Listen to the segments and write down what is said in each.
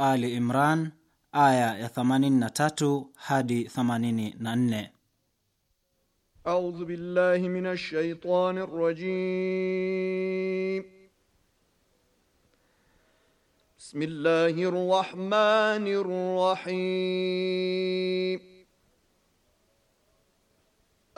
Ali Imran aya ya 83 hadi 84. A'udhu billahi minash shaitanir rajim. Bismillahir rahmanir rahim.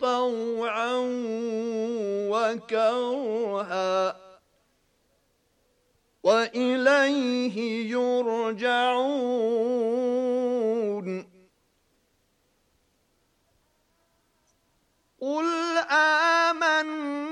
طوعا وكرها وإليه يرجعون قل آمنا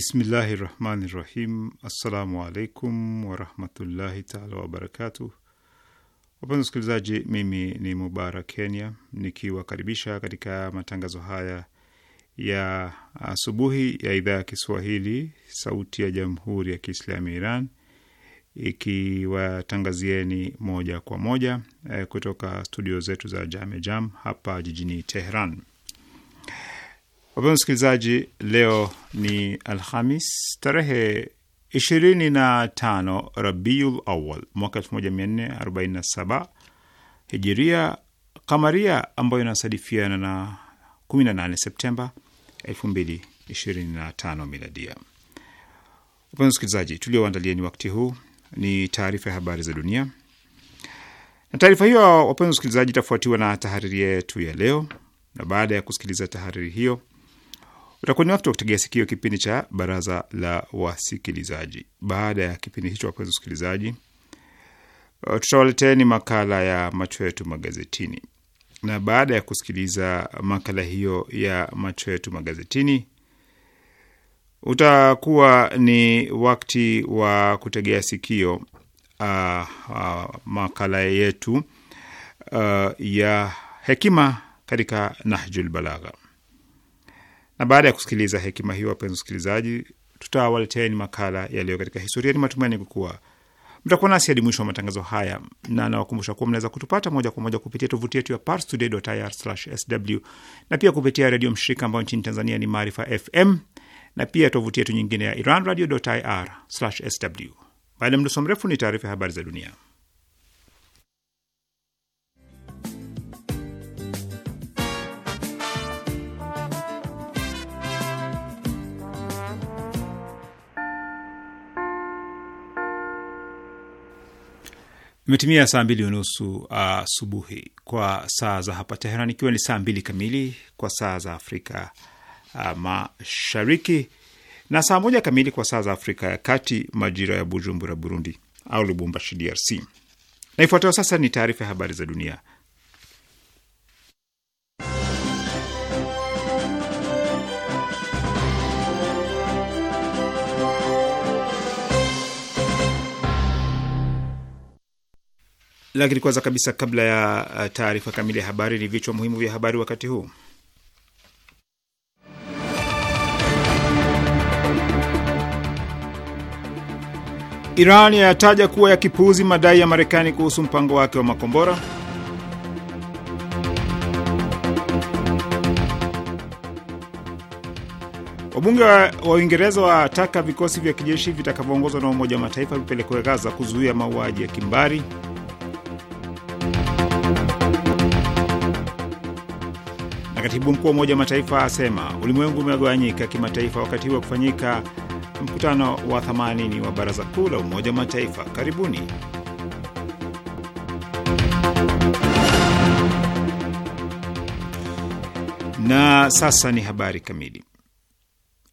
Bismillahi rahmani rahim. Assalamu alaikum warahmatullahi taala wabarakatuh. Wapenzi wasikilizaji, mimi ni Mubarak Kenya nikiwakaribisha katika matangazo haya ya asubuhi ya idhaa ya Kiswahili sauti ya jamhuri ya Kiislamu ya Iran ikiwatangazieni moja kwa moja eh, kutoka studio zetu za Jamejam Jam hapa jijini Tehran. Wapenzi msikilizaji, leo ni Alhamis tarehe 25 Rabiul Awal mwaka elfu hijiria kamaria, ambayo inasadifiana na 18 Septemba 2025 miladia. Wapenzi msikilizaji, tulioandalia ni wakati huu ni taarifa ya habari za dunia, na taarifa hiyo, wapenzi msikilizaji, itafuatiwa na tahariri yetu ya leo, na baada ya kusikiliza tahariri hiyo Utakuwa ni wakati wa kutegea sikio kipindi cha baraza la wasikilizaji. Baada ya kipindi hicho, wapenzi wasikilizaji, uh, tutawaleteni makala ya macho yetu magazetini, na baada ya kusikiliza makala hiyo ya macho yetu magazetini, utakuwa ni wakati wa kutegea sikio uh, uh, makala yetu uh, ya hekima katika Nahjul Balagha. Na baada ya kusikiliza hekima hiyo, wapenzi wasikilizaji, tutawaleteeni makala yaliyo katika historia. Ni matumaini kuwa mtakuwa nasi hadi mwisho wa matangazo haya, na nawakumbusha kuwa mnaweza kutupata moja kwa moja kupitia tovuti yetu ya parstoday.ir/sw na pia kupitia redio mshirika ambayo nchini Tanzania ni Maarifa FM na pia tovuti yetu nyingine ya iranradio.ir/sw. Baada ya mdoso mrefu ni taarifa ya habari za dunia. Imetimia saa mbili unusu uh, asubuhi kwa saa za hapa Teheran, ikiwa ni saa mbili kamili kwa saa za Afrika uh, Mashariki na saa moja kamili kwa saa za Afrika ya Kati, majira ya Bujumbura, Burundi au Lubumbashi, DRC. Na ifuatayo sasa ni taarifa ya habari za dunia Lakini kwanza kabisa, kabla ya uh, taarifa kamili ya habari, ni vichwa muhimu vya habari wakati huu. Iran yayataja kuwa ya kipuuzi madai ya Marekani kuhusu mpango wake wa makombora. Wabunge wa Uingereza wataka vikosi vya kijeshi vitakavyoongozwa na Umoja wa Mataifa vipelekwe Gaza kuzuia mauaji ya kimbari. Na katibu mkuu wa Umoja wa Mataifa asema ulimwengu umegawanyika kimataifa wakati huu wa kufanyika mkutano wa 80 wa Baraza Kuu la Umoja wa Mataifa. Karibuni. Na sasa ni habari kamili.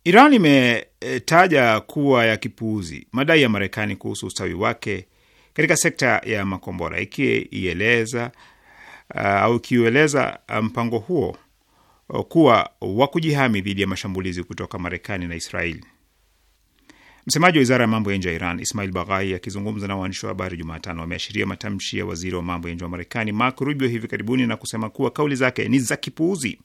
Iran imetaja kuwa ya kipuuzi madai ya Marekani kuhusu ustawi wake katika sekta ya makombora ikieleza uh, au ikiueleza mpango huo Uh, kuwa wa kujihami dhidi ya mashambulizi kutoka Marekani na Israeli. Msemaji wa wizara ya mambo ya nje ya Iran Ismail Baghai akizungumza na waandishi wa habari Jumatano ameashiria matamshi ya waziri wa mambo ya nje wa Marekani Mark Rubio hivi karibuni na kusema kuwa kauli zake ni za kipuuzi.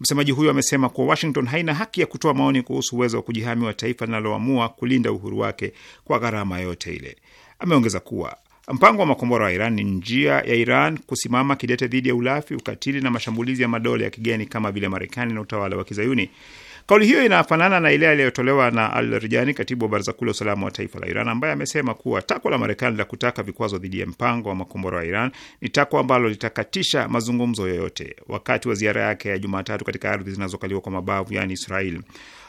Msemaji huyo amesema kuwa Washington haina haki ya kutoa maoni kuhusu uwezo wa kujihami wa taifa linaloamua kulinda uhuru wake kwa gharama yoyote ile. Ameongeza kuwa Mpango wa makombora wa Iran ni njia ya Iran kusimama kidete dhidi ya ulafi, ukatili na mashambulizi ya madola ya kigeni kama vile Marekani na utawala wa Kizayuni. Kauli hiyo inafanana na ile iliyotolewa na Al Rijani, katibu wa baraza kuu la usalama wa taifa la Iran, ambaye amesema kuwa takwa la Marekani la kutaka vikwazo dhidi ya mpango wa makombora wa Iran ni takwa ambalo litakatisha mazungumzo yoyote. Wakati wa ziara yake ya Jumatatu katika ardhi zinazokaliwa kwa mabavu, yaani Israel,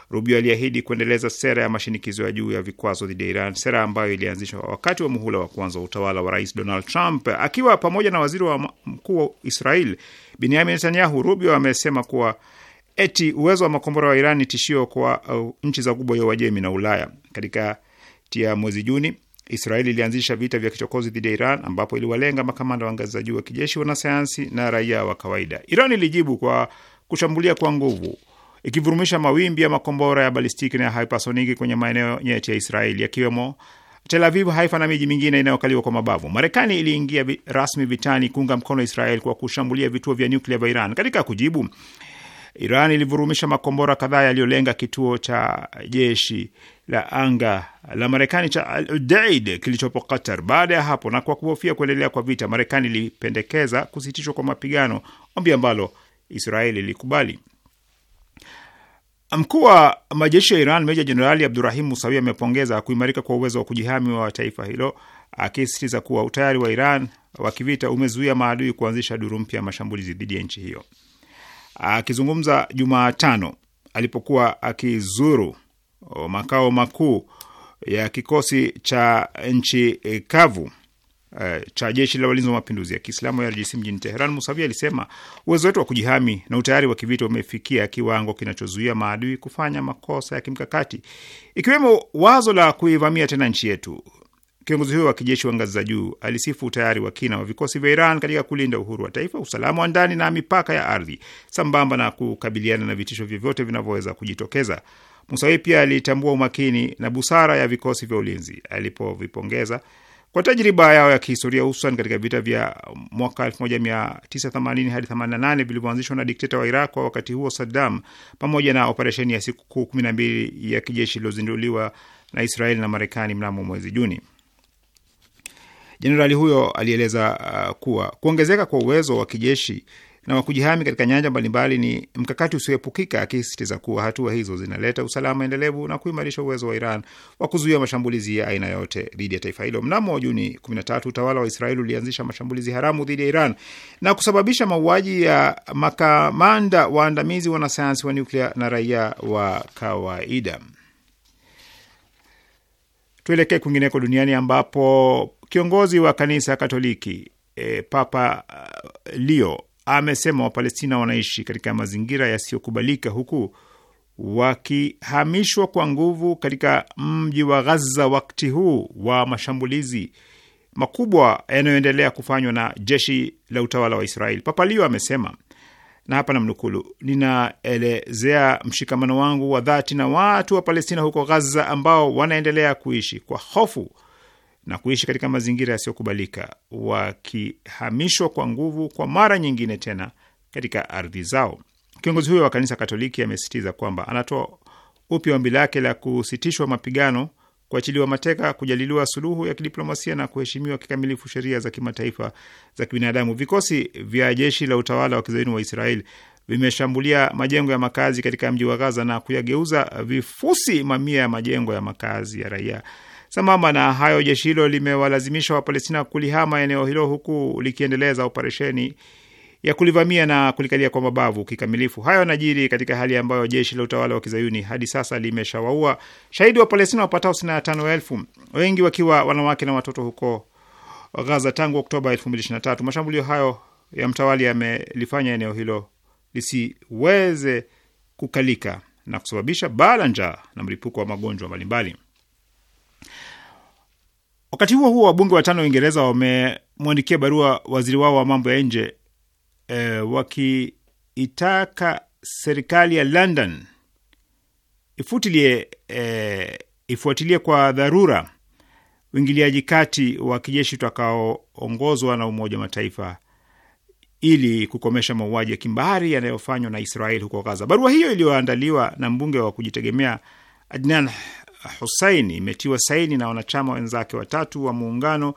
Rubio aliahidi kuendeleza sera ya mashinikizo ya juu ya vikwazo dhidi ya Iran, sera ambayo ilianzishwa wakati wa muhula wa kwanza wa utawala wa Rais Donald Trump. Akiwa pamoja na waziri wa mkuu wa Israel Binyamin Netanyahu, Rubio amesema kuwa eti uwezo wa makombora wa Iran ni tishio kwa uh, nchi za Ghuba ya Uajemi na Ulaya. Katikati ya mwezi Juni, Israeli ilianzisha vita vya kichokozi dhidi ya Iran ambapo iliwalenga makamanda wa ngazi za juu wa kijeshi, wanasayansi na raia wa kawaida. Iran ilijibu kwa kushambulia kwa nguvu ikivurumisha mawimbi ya makombora ya balistiki na ya hypersoniki kwenye maeneo nyeti ya Israeli yakiwemo Tel Aviv, Haifa na miji mingine inayokaliwa kwa mabavu. Marekani iliingia rasmi vitani kuunga mkono Israel kwa kushambulia vituo vya nyuklia vya Iran. Katika kujibu, Iran ilivurumisha makombora kadhaa yaliyolenga kituo cha jeshi la anga la Marekani cha Al Udeid kilichopo Qatar. Baada ya hapo, na kwa kuhofia kuendelea kwa vita, Marekani ilipendekeza kusitishwa kwa mapigano, ombi ambalo Israeli ilikubali. Mkuu wa majeshi ya Iran Meja Jenerali Abdurahim Musawi amepongeza kuimarika kwa uwezo wa kujihami wa taifa hilo, akisisitiza kuwa utayari wa Iran wa kivita umezuia maadui kuanzisha duru mpya ya mashambulizi dhidi ya nchi hiyo. Akizungumza Jumatano alipokuwa akizuru makao makuu ya kikosi cha nchi kavu Eh, cha jeshi la walinzi wa mapinduzi ya Kiislamu ya RGC mjini Teheran, Musavi alisema uwezo wetu wa kujihami na utayari wa kivita umefikia kiwango kinachozuia maadui kufanya makosa ya kimkakati, ikiwemo wazo la kuivamia tena nchi yetu. Kiongozi huyo wa kijeshi wa ngazi za juu alisifu utayari wa kina wa vikosi vya Iran katika kulinda uhuru wa taifa, usalama wa ndani na mipaka ya ardhi, sambamba na kukabiliana na vitisho vyovyote vinavyoweza kujitokeza. Musawi pia alitambua umakini na busara ya vikosi vya ulinzi alipovipongeza kwa tajriba yao ya kihistoria, hususan katika vita vya mwaka 1980 hadi 88 vilivyoanzishwa na dikteta wa Iraq wa wakati huo Saddam, pamoja na operesheni ya siku kuu 12 ya kijeshi iliyozinduliwa na Israeli na Marekani mnamo mwezi Juni. Jenerali huyo alieleza uh, kuwa kuongezeka kwa uwezo wa kijeshi na wa kujihami katika nyanja mbalimbali ni mkakati usioepukika, akisisitiza kuwa hatua hizo zinaleta usalama endelevu na kuimarisha uwezo wa Iran wa kuzuia mashambulizi ya aina yote dhidi ya taifa hilo. Mnamo Juni 13 utawala wa Israeli ulianzisha mashambulizi haramu dhidi ya Iran na kusababisha mauaji ya makamanda waandamizi, wanasayansi wa nyuklia na raia wa kawaida. Tuelekee kwingineko duniani ambapo kiongozi wa kanisa Katoliki e, Papa eh, Leo amesema Wapalestina wanaishi katika mazingira yasiyokubalika huku wakihamishwa kwa nguvu katika mji wa Ghaza wakati huu wa mashambulizi makubwa yanayoendelea kufanywa na jeshi la utawala wa Israeli. Papalio amesema, na hapa namnukulu, ninaelezea mshikamano wangu wa dhati na watu wa Palestina huko Ghaza ambao wanaendelea kuishi kwa hofu na kuishi katika mazingira yasiyokubalika, wakihamishwa kwa nguvu kwa mara nyingine tena katika ardhi zao. Kiongozi huyo wa kanisa Katoliki amesisitiza kwamba anatoa upya ombi lake la kusitishwa mapigano, kuachiliwa mateka, kujaliliwa suluhu ya kidiplomasia na kuheshimiwa kikamilifu sheria za kimataifa za kibinadamu. Vikosi vya jeshi la utawala wa kizayuni wa Israeli vimeshambulia majengo ya makazi katika mji wa Gaza na kuyageuza vifusi mamia ya majengo ya makazi ya raia. Sambamba na hayo, jeshi hilo limewalazimisha Wapalestina kulihama eneo hilo huku likiendeleza operesheni ya kulivamia na kulikalia kwa mabavu kikamilifu. Hayo yanajiri katika hali ambayo jeshi la utawala wa kizayuni hadi sasa limeshawaua shahidi wa Palestina wapatao sitini tano elfu, wengi wakiwa wanawake na watoto huko Gaza tangu Oktoba 2023. Mashambulio hayo ya mtawali yamelifanya eneo hilo lisiweze kukalika na kusababisha balaa, njaa na mlipuko wa magonjwa mbalimbali. Wakati huo huo, wabunge watano wa Uingereza wamemwandikia barua waziri wao wa mambo ya nje e, wakiitaka serikali ya London ifutilie e, ifuatilie kwa dharura uingiliaji kati wa kijeshi utakaoongozwa na Umoja wa Mataifa ili kukomesha mauaji ya kimbari yanayofanywa na Israel huko Gaza. Barua hiyo iliyoandaliwa na mbunge wa kujitegemea Adnan husein imetiwa saini na wanachama wenzake watatu wa muungano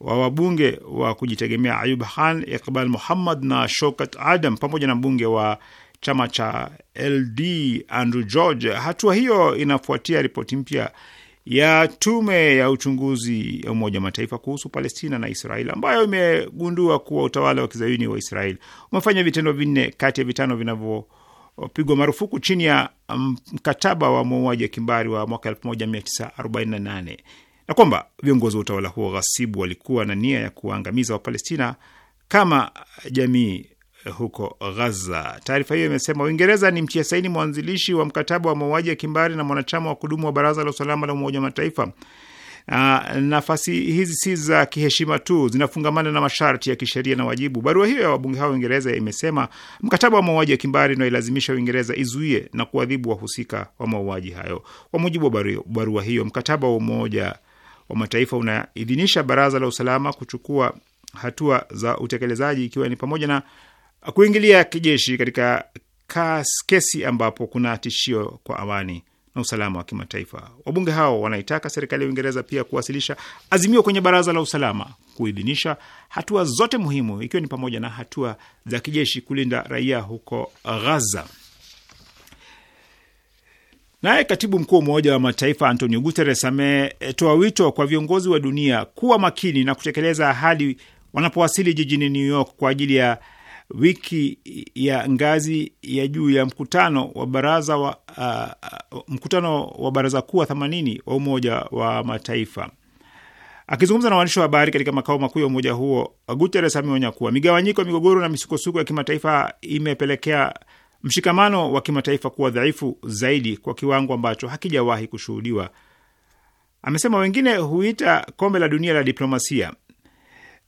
wa wabunge wa kujitegemea Ayub Khan, Iqbal Muhammad na Shokat Adam pamoja na mbunge wa chama cha LD Andrew George. Hatua hiyo inafuatia ripoti mpya ya tume ya uchunguzi ya Umoja wa Mataifa kuhusu Palestina na Israel ambayo imegundua kuwa utawala wa kizayuni wa Israel umefanya vitendo vinne kati ya vitano vinavyo wapigwa marufuku chini ya um, mkataba wa mauaji ya kimbari wa mwaka 1948 na kwamba viongozi wa utawala huo ghasibu walikuwa na nia ya kuwaangamiza Wapalestina kama jamii eh, huko ghaza Taarifa hiyo imesema Uingereza ni mtia saini mwanzilishi wa mkataba wa mauaji ya kimbari na mwanachama wa kudumu wa Baraza la Usalama la Umoja wa Mataifa. Uh, nafasi hizi si za kiheshima tu, zinafungamana na masharti ya kisheria na wajibu. Barua hiyo ya wabunge hao wa Uingereza imesema mkataba wa mauaji ya kimbari unaoilazimisha Uingereza izuie na kuadhibu wahusika wa mauaji hayo. Kwa mujibu wa barua hiyo, mkataba wa Umoja wa Mataifa unaidhinisha Baraza la Usalama kuchukua hatua za utekelezaji, ikiwa ni pamoja na kuingilia kijeshi katika kas kesi ambapo kuna tishio kwa amani na usalama wa kimataifa. Wabunge hao wanaitaka serikali ya Uingereza pia kuwasilisha azimio kwenye baraza la usalama kuidhinisha hatua zote muhimu, ikiwa ni pamoja na hatua za kijeshi kulinda raia huko Ghaza. Naye katibu mkuu wa Umoja wa Mataifa Antonio Guterres ametoa wito kwa viongozi wa dunia kuwa makini na kutekeleza ahadi wanapowasili jijini New York kwa ajili ya wiki ya ngazi ya juu ya mkutano wa baraza wa, uh, mkutano wa baraza kuu wa 80 wa Umoja wa Mataifa. Akizungumza na waandishi wa habari katika makao makuu ya umoja huo, Guterres ameonya kuwa migawanyiko ya migogoro na misukosuko ya kimataifa imepelekea mshikamano wa kimataifa kuwa dhaifu zaidi kwa kiwango ambacho hakijawahi kushuhudiwa. Amesema wengine huita kombe la dunia la diplomasia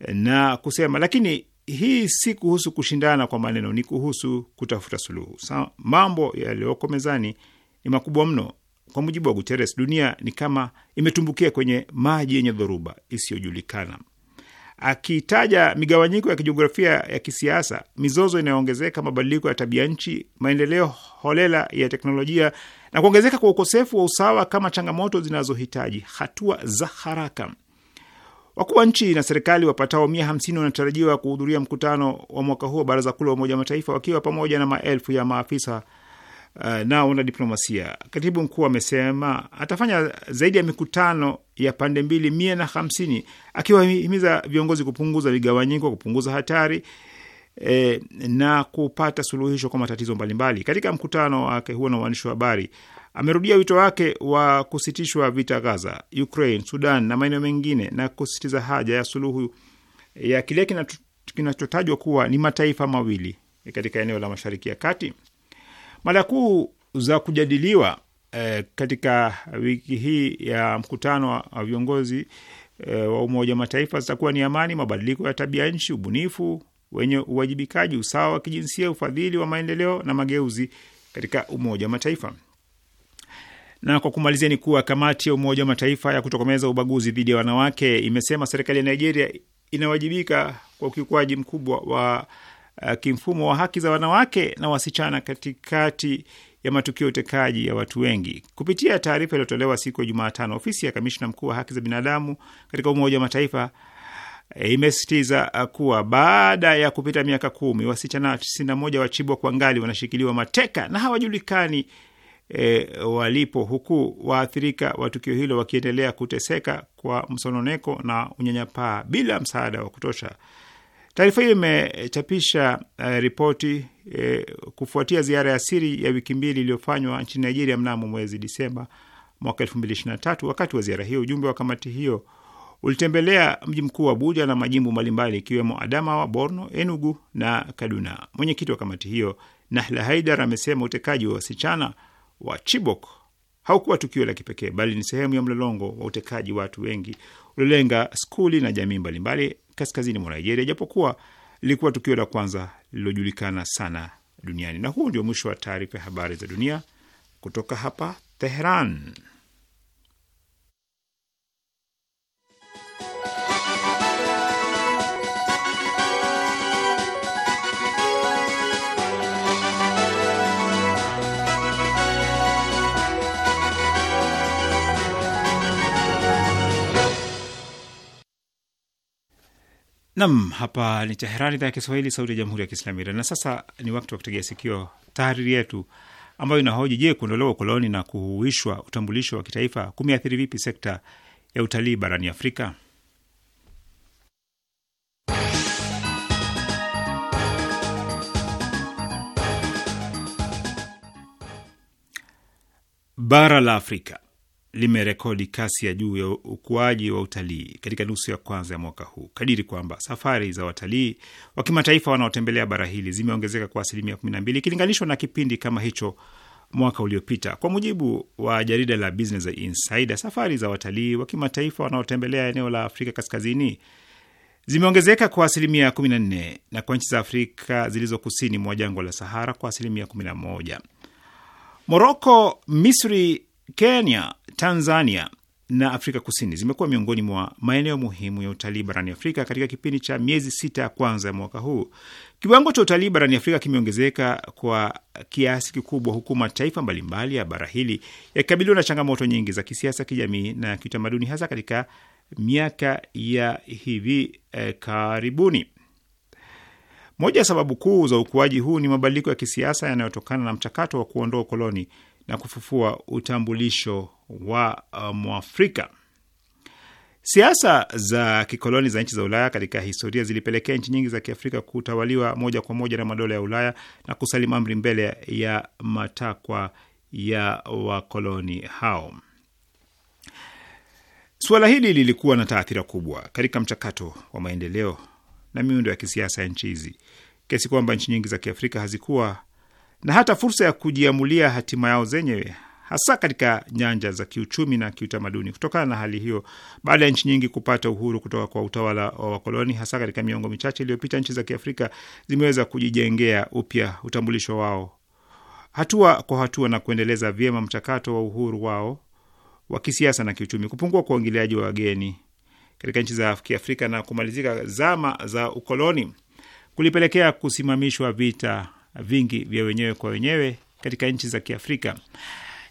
na kusema, lakini hii si kuhusu kushindana kwa maneno, ni kuhusu kutafuta suluhu. Sa, mambo yaliyoko mezani ni makubwa mno. Kwa mujibu wa Guterres, dunia ni kama imetumbukia kwenye maji yenye dhoruba isiyojulikana. Akitaja migawanyiko ya kijiografia ya kisiasa, mizozo inayoongezeka, mabadiliko ya tabia nchi, maendeleo holela ya teknolojia na kuongezeka kwa ukosefu wa usawa kama changamoto zinazohitaji hatua za haraka. Wakuu wa nchi na serikali wapatao mia hamsini wanatarajiwa kuhudhuria mkutano wa mwaka huu wa baraza kuu la Umoja wa Mataifa wakiwa pamoja na maelfu ya maafisa uh, na wanadiplomasia. Katibu mkuu amesema atafanya zaidi ya mikutano ya pande mbili mia na hamsini akiwahimiza viongozi kupunguza vigawanyiko, kupunguza hatari e, na kupata suluhisho kwa matatizo mbalimbali. Katika mkutano wake huo na waandishi wa habari, amerudia wito wake wa kusitishwa vita Gaza, Ukraine, Sudan na maeneo mengine na kusisitiza haja ya suluhu ya kile kinachotajwa kuwa ni mataifa mawili katika eneo la Mashariki ya Kati. Mada kuu za kujadiliwa eh, katika wiki hii ya mkutano wa viongozi eh, wa Umoja wa Mataifa zitakuwa ni amani, mabadiliko ya tabia nchi, ubunifu wenye uwajibikaji, usawa wa kijinsia, ufadhili wa maendeleo na mageuzi katika Umoja wa Mataifa. Na kwa kumalizia ni kuwa kamati ya Umoja wa Mataifa ya kutokomeza ubaguzi dhidi ya wanawake imesema serikali ya Nigeria inawajibika kwa ukiukwaji mkubwa wa uh, kimfumo wa haki za wanawake na wasichana katikati ya matukio utekaji ya watu wengi. Kupitia taarifa iliyotolewa siku ya Jumatano, ofisi ya kamishna mkuu wa haki za binadamu katika Umoja wa Mataifa e, imesisitiza uh, kuwa baada ya kupita miaka kumi wasichana 91 wa kwa ngali wanashikiliwa mateka na hawajulikani e, walipo, huku waathirika wa tukio hilo wakiendelea kuteseka kwa msononeko na unyanyapaa bila msaada wa kutosha. Taarifa hiyo imechapisha uh, ripoti uh, kufuatia ziara ya siri ya wiki mbili iliyofanywa nchini Nigeria mnamo mwezi Disemba mwaka tatu. Wakati wa ziara hiyo, ujumbe wa kamati hiyo ulitembelea mji mkuu wa Abuja na majimbo mbalimbali ikiwemo Adamawa, Borno, Enugu na Kaduna. Mwenyekiti wa kamati hiyo Nahla Haidar amesema utekaji wa wasichana wa Chibok haukuwa tukio la kipekee, bali ni sehemu ya mlolongo wa utekaji watu wengi uliolenga skuli na jamii mbalimbali kaskazini mwa Nigeria, japokuwa lilikuwa tukio la kwanza lililojulikana sana duniani. Na huu ndio mwisho wa taarifa ya habari za dunia kutoka hapa Teheran. Nam, hapa ni Teherani, idhaa ya Kiswahili, sauti ya jamhuri ya kiislamu Iran. Na sasa ni wakati wa kutegea sikio tahariri yetu ambayo inahoji: je, kuondolewa ukoloni na kuhuishwa utambulisho wa kitaifa kumeathiri vipi sekta ya utalii barani Afrika? Bara la Afrika limerekodi kasi ya juu ya ukuaji wa utalii katika nusu ya kwanza ya mwaka huu kadiri kwamba safari za watalii wa kimataifa wanaotembelea bara hili zimeongezeka kwa asilimia 12 ikilinganishwa na kipindi kama hicho mwaka uliopita. Kwa mujibu wa jarida la Business Insider, safari za watalii wa kimataifa wanaotembelea eneo la Afrika Kaskazini zimeongezeka kwa asilimia 14 na kwa nchi za Afrika zilizo kusini mwa jangwa la Sahara kwa asilimia 11. Moroko, Misri, Kenya, Tanzania na Afrika Kusini zimekuwa miongoni mwa maeneo muhimu ya utalii barani Afrika katika kipindi cha miezi sita ya kwanza ya mwaka huu. Kiwango cha utalii barani Afrika kimeongezeka kwa kiasi kikubwa, huku mataifa mbalimbali ya bara hili yakikabiliwa na changamoto nyingi za kisiasa, kijamii na kiutamaduni, hasa katika miaka ya hivi eh, karibuni. Moja ya sababu kuu za ukuaji huu ni mabadiliko ya kisiasa yanayotokana na mchakato wa kuondoa ukoloni na kufufua utambulisho wa uh, Mwafrika. Siasa za kikoloni za nchi za Ulaya katika historia zilipelekea nchi nyingi za Kiafrika kutawaliwa moja kwa moja na madola ya Ulaya na kusalimu amri mbele ya matakwa ya wakoloni hao. Suala hili lilikuwa na taathira kubwa katika mchakato wa maendeleo na miundo ya kisiasa ya nchi hizi, kiasi kwamba nchi nyingi za Kiafrika hazikuwa na hata fursa ya kujiamulia hatima yao zenyewe hasa katika nyanja za kiuchumi na kiutamaduni. Kutokana na hali hiyo, baada ya nchi nyingi kupata uhuru kutoka kwa utawala wa wakoloni, hasa katika miongo michache iliyopita, nchi za Kiafrika zimeweza kujijengea upya utambulisho wao hatua kwa hatua na kuendeleza vyema mchakato wa uhuru wao wa kisiasa na kiuchumi. Kupungua kwa uingiliaji wa wageni katika nchi za Kiafrika na kumalizika zama za ukoloni kulipelekea kusimamishwa vita vingi vya wenyewe kwa wenyewe katika nchi za Kiafrika.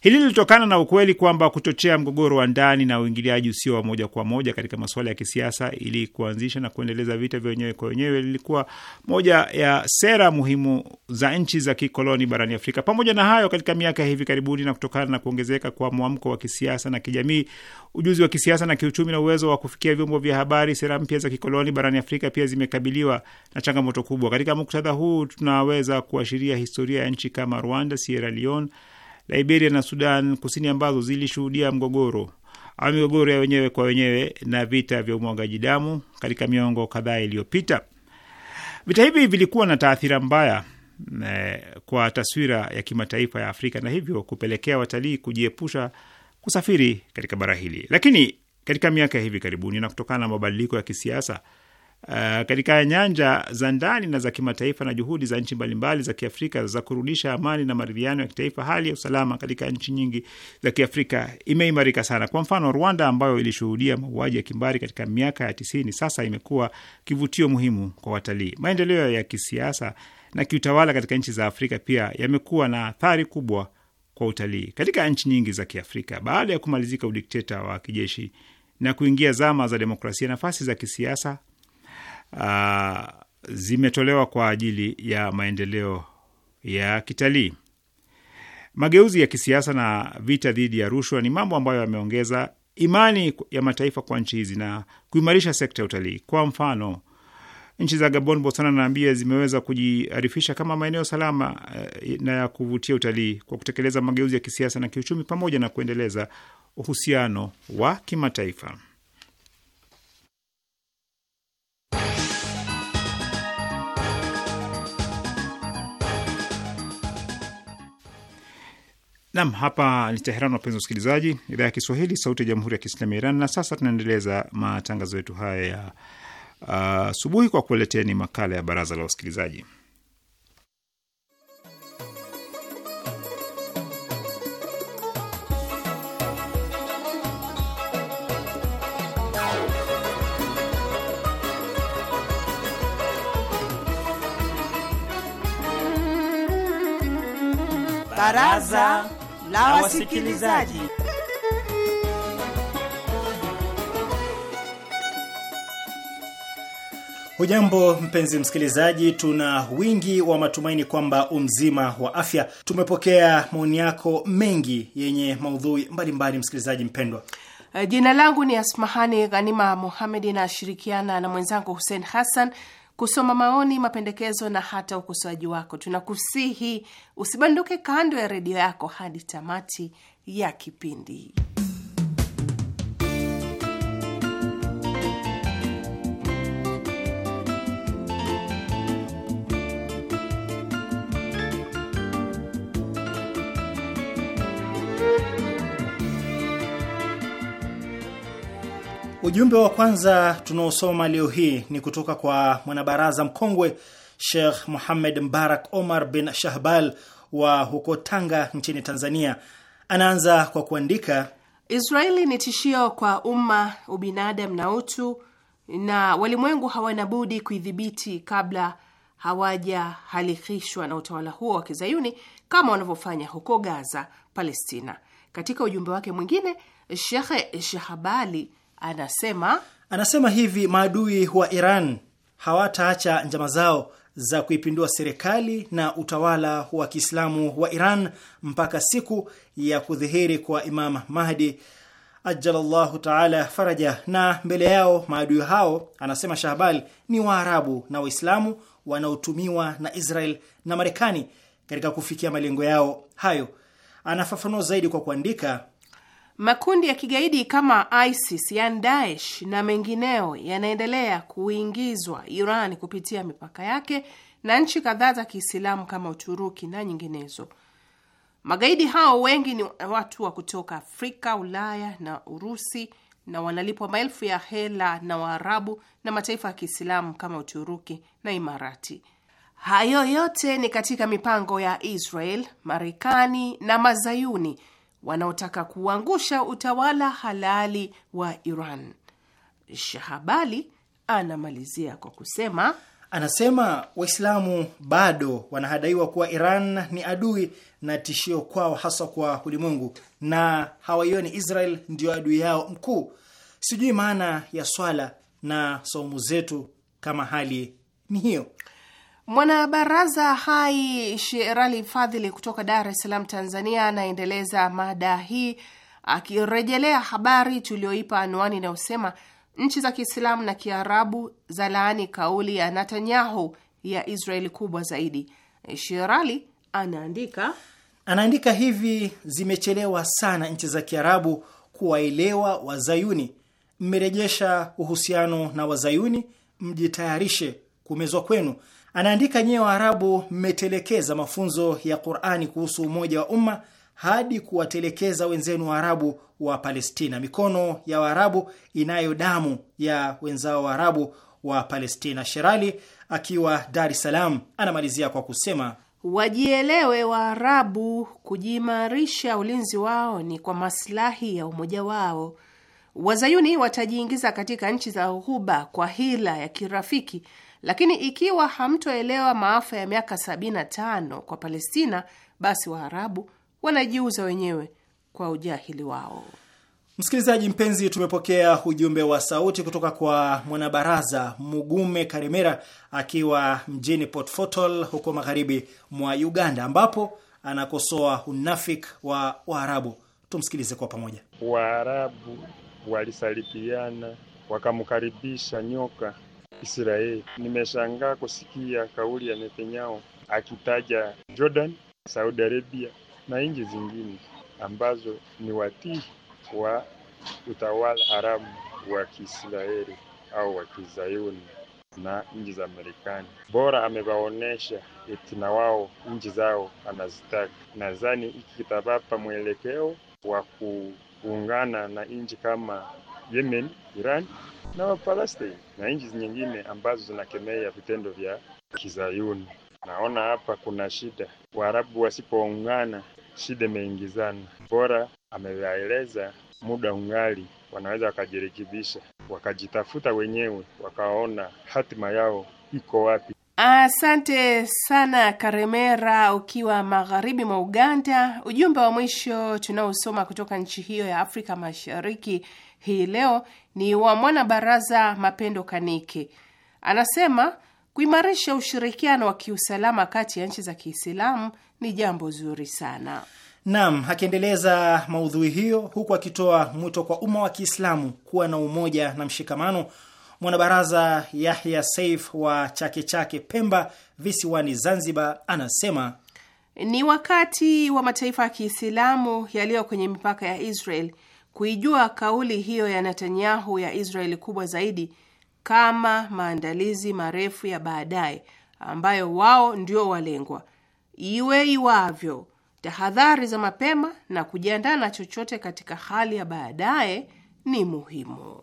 Hili lilitokana na ukweli kwamba kuchochea mgogoro wa ndani na uingiliaji usio wa moja kwa moja katika masuala ya kisiasa ili kuanzisha na kuendeleza vita vya wenyewe kwa wenyewe lilikuwa moja ya sera muhimu za nchi za kikoloni barani Afrika. Pamoja na hayo, katika miaka ya hivi karibuni na kutokana na kuongezeka kwa mwamko wa kisiasa na kijamii, ujuzi wa kisiasa na kiuchumi na uwezo wa kufikia vyombo vya habari, sera mpya za kikoloni barani Afrika pia zimekabiliwa na changamoto kubwa. Katika muktadha huu tunaweza kuashiria historia ya nchi kama Rwanda, Sierra Leone Liberia na Sudan Kusini ambazo zilishuhudia mgogoro au migogoro ya wenyewe kwa wenyewe na vita vya umwagaji damu katika miongo kadhaa iliyopita. Vita hivi vilikuwa na taathira mbaya ne, eh, kwa taswira ya kimataifa ya Afrika na hivyo kupelekea watalii kujiepusha kusafiri katika bara hili. Lakini katika miaka ya hivi karibuni na kutokana na mabadiliko ya kisiasa Uh, katika nyanja za ndani na za kimataifa na juhudi za nchi mbalimbali za Kiafrika za kurudisha amani na maridhiano ya kitaifa, hali ya usalama katika nchi nyingi za Kiafrika imeimarika sana. Kwa mfano, Rwanda ambayo ilishuhudia mauaji ya kimbari katika miaka ya tisini, sasa imekuwa kivutio muhimu kwa watalii. Maendeleo ya kisiasa na kiutawala katika nchi za Afrika pia yamekuwa na athari kubwa kwa utalii katika nchi nyingi za Kiafrika. Baada ya kumalizika udikteta wa kijeshi na kuingia zama za demokrasia, nafasi za kisiasa uh, zimetolewa kwa ajili ya maendeleo ya kitalii. Mageuzi ya kisiasa na vita dhidi ya rushwa ni mambo ambayo yameongeza imani ya mataifa kwa nchi hizi na kuimarisha sekta ya utalii. Kwa mfano, nchi za Gabon, Botswana na Namibia zimeweza kujiarifisha kama maeneo salama eh, na ya kuvutia utalii kwa kutekeleza mageuzi ya kisiasa na kiuchumi pamoja na kuendeleza uhusiano wa kimataifa. Nam, hapa ni Teheran, wapenzi wasikilizaji, idhaa ya Kiswahili, sauti ya jamhuri ya kiislami ya Iran. Na sasa tunaendeleza matangazo yetu haya ya uh, asubuhi uh, kwa kuleteni makala ya baraza la wasikilizaji. Baraza la wasikilizaji. Hujambo mpenzi msikilizaji, tuna wingi wa matumaini kwamba umzima wa afya. Tumepokea maoni yako mengi yenye maudhui mbalimbali mbali, msikilizaji mpendwa. Eh, jina langu ni Asmahani Ghanima muhamedi nashirikiana na mwenzangu Hussein Hassan kusoma maoni, mapendekezo na hata ukosoaji wako. Tunakusihi usibanduke kando ya redio yako hadi tamati ya kipindi. Ujumbe wa kwanza tunaosoma leo hii ni kutoka kwa mwanabaraza mkongwe Sheikh Muhammad Mbarak Omar bin Shahbal wa huko Tanga nchini Tanzania. Anaanza kwa kuandika, Israeli ni tishio kwa umma, ubinadamu na utu, na walimwengu hawana budi kuidhibiti kabla hawajahalikishwa na utawala huo wa kizayuni kama wanavyofanya huko Gaza, Palestina. Katika ujumbe wake mwingine, Shekhe Shahabali Anasema anasema hivi, maadui wa Iran hawataacha njama zao za kuipindua serikali na utawala wa Kiislamu wa Iran mpaka siku ya kudhihiri kwa Imam Mahdi ajalallahu taala faraja. Na mbele yao maadui hao, anasema Shahbal, ni Waarabu na Waislamu wanaotumiwa na Israel na Marekani katika kufikia malengo yao hayo. Anafafanua zaidi kwa kuandika Makundi ya kigaidi kama ISIS yani Daesh na mengineo yanaendelea kuingizwa Iran kupitia mipaka yake na nchi kadhaa za Kiislamu kama Uturuki na nyinginezo. Magaidi hao wengi ni watu wa kutoka Afrika, Ulaya na Urusi na wanalipwa maelfu ya hela na Waarabu na mataifa ya Kiislamu kama Uturuki na Imarati. Hayo yote ni katika mipango ya Israel, Marekani na Mazayuni wanaotaka kuangusha utawala halali wa Iran. Shahabali anamalizia kwa kusema anasema Waislamu bado wanahadaiwa kuwa Iran ni adui na tishio kwao, hasa kwa ulimwengu, na hawaioni Israel ndio adui yao mkuu. Sijui maana ya swala na saumu zetu kama hali ni hiyo. Mwanabaraza hai Sherali Fadhili kutoka Dar es Salaam, Tanzania, anaendeleza mada hii akirejelea habari tuliyoipa anwani inayosema nchi za Kiislamu na Kiarabu za laani kauli ya Netanyahu ya Israeli kubwa zaidi. Sherali anaandika anaandika hivi: zimechelewa sana nchi za Kiarabu kuwaelewa Wazayuni. Mmerejesha uhusiano na Wazayuni, mjitayarishe kumezwa kwenu. Anaandika, nyewe Waarabu mmetelekeza mafunzo ya Qur'ani kuhusu umoja wa umma hadi kuwatelekeza wenzenu Waarabu wa Palestina. Mikono ya Waarabu inayo damu ya wenzao Waarabu wa Palestina. Sherali akiwa Dar es Salaam anamalizia kwa kusema wajielewe Waarabu, kujiimarisha ulinzi wao ni kwa masilahi ya umoja wao. Wazayuni watajiingiza katika nchi za Ghuba kwa hila ya kirafiki lakini ikiwa hamtoelewa maafa ya miaka 75 kwa Palestina, basi Waarabu wanajiuza wenyewe kwa ujahili wao. Msikilizaji mpenzi, tumepokea ujumbe wa sauti kutoka kwa mwanabaraza Mugume Karemera akiwa mjini Port huko magharibi mwa Uganda, ambapo anakosoa unafik wa Waarabu. Tumsikilize kwa pamoja. Waarabu walisalipiana, wakamkaribisha nyoka Israeli. Nimeshangaa kusikia kauli ya Netanyahu akitaja Jordan, Saudi Arabia na nchi zingine ambazo ni watii wa utawala haramu wa Kiisraeli au wa Kizayuni na nchi za Marekani. Bora amewaonesha eti na wao nchi zao anazitaka. Nadhani hiki kitawapa mwelekeo wa kuungana na nchi kama Yemen, Iran na Wapalestina na nchi nyingine ambazo zinakemea vitendo vya kizayuni. Naona hapa kuna shida, Waarabu wasipoungana shida imeingizana. Bora amewaeleza muda ungali, wanaweza wakajirekebisha, wakajitafuta wenyewe, wakaona hatima yao iko wapi. Asante sana Karemera, ukiwa magharibi mwa Uganda. Ujumbe wa mwisho tunaosoma kutoka nchi hiyo ya Afrika Mashariki hii leo ni wa mwanabaraza Mapendo Kaniki. Anasema kuimarisha ushirikiano wa kiusalama kati ya nchi za Kiislamu ni jambo zuri sana. Naam, akiendeleza maudhui hiyo huku akitoa mwito kwa umma wa Kiislamu kuwa na umoja na mshikamano, mwanabaraza Yahya Saif wa Chake Chake, Pemba visiwani Zanzibar, anasema ni wakati wa mataifa ya Kiislamu yaliyo kwenye mipaka ya Israel kuijua kauli hiyo ya Netanyahu ya Israeli kubwa zaidi kama maandalizi marefu ya baadaye ambayo wao ndio walengwa. Iwe iwavyo, tahadhari za mapema na kujiandaa na chochote katika hali ya baadaye ni muhimu.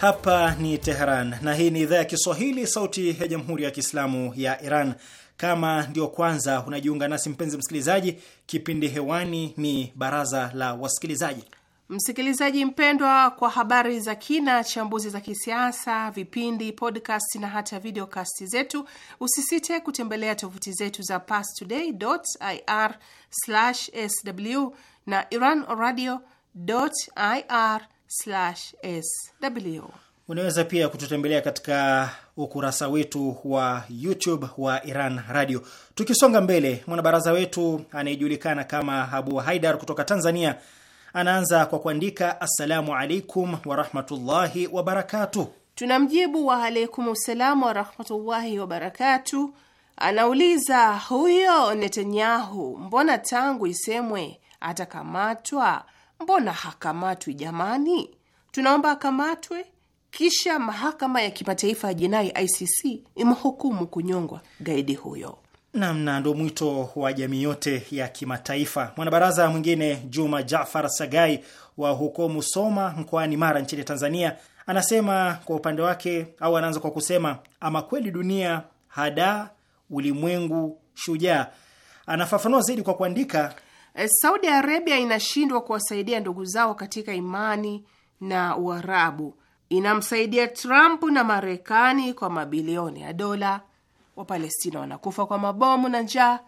Hapa ni Teheran na hii ni idhaa ya Kiswahili, sauti ya jamhuri ya kiislamu ya Iran. Kama ndio kwanza unajiunga nasi, mpenzi msikilizaji, kipindi hewani ni baraza la wasikilizaji. Msikilizaji mpendwa, kwa habari za kina, chambuzi za kisiasa, vipindi, podcast na hata videocasti zetu, usisite kutembelea tovuti zetu za pastoday.ir/sw na iranradio.ir sw. Unaweza pia kututembelea katika ukurasa wetu wa YouTube wa Iran Radio. Tukisonga mbele, mwanabaraza wetu anayejulikana kama Abu Haidar kutoka Tanzania anaanza kwa kuandika assalamu alaikum warahmatullahi wabarakatu Tunamjibu wa alaikum salamu warahmatullahi wabarakatu. Anauliza, huyo Netanyahu mbona tangu isemwe atakamatwa mbona hakamatwi jamani? Tunaomba akamatwe, kisha mahakama ya kimataifa ya jinai ICC imhukumu kunyongwa gaidi huyo. Namna ndo mwito wa jamii yote ya kimataifa. Mwanabaraza mwingine Juma Jafar Sagai wa huko Musoma mkoani Mara nchini Tanzania anasema kwa upande wake, au anaanza kwa kusema ama kweli dunia hadaa, ulimwengu shujaa. Anafafanua zaidi kwa kuandika, Eh, Saudi Arabia inashindwa kuwasaidia ndugu zao katika imani na Uarabu, inamsaidia Trump na Marekani kwa mabilioni ya dola. Wapalestina wanakufa kwa mabomu na njaa.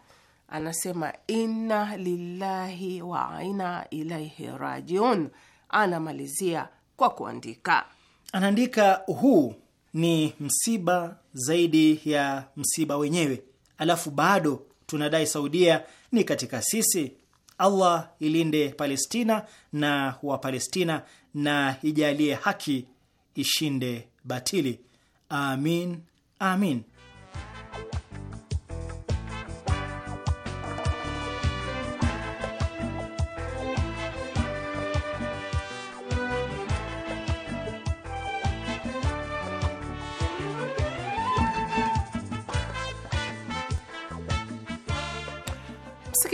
Anasema inna lillahi wa inna ilaihi rajiun. Anamalizia kwa kuandika, anaandika huu ni msiba zaidi ya msiba wenyewe, alafu bado tunadai Saudia ni katika sisi Allah ilinde Palestina na wa palestina na ijalie haki ishinde batili. Amin, amin.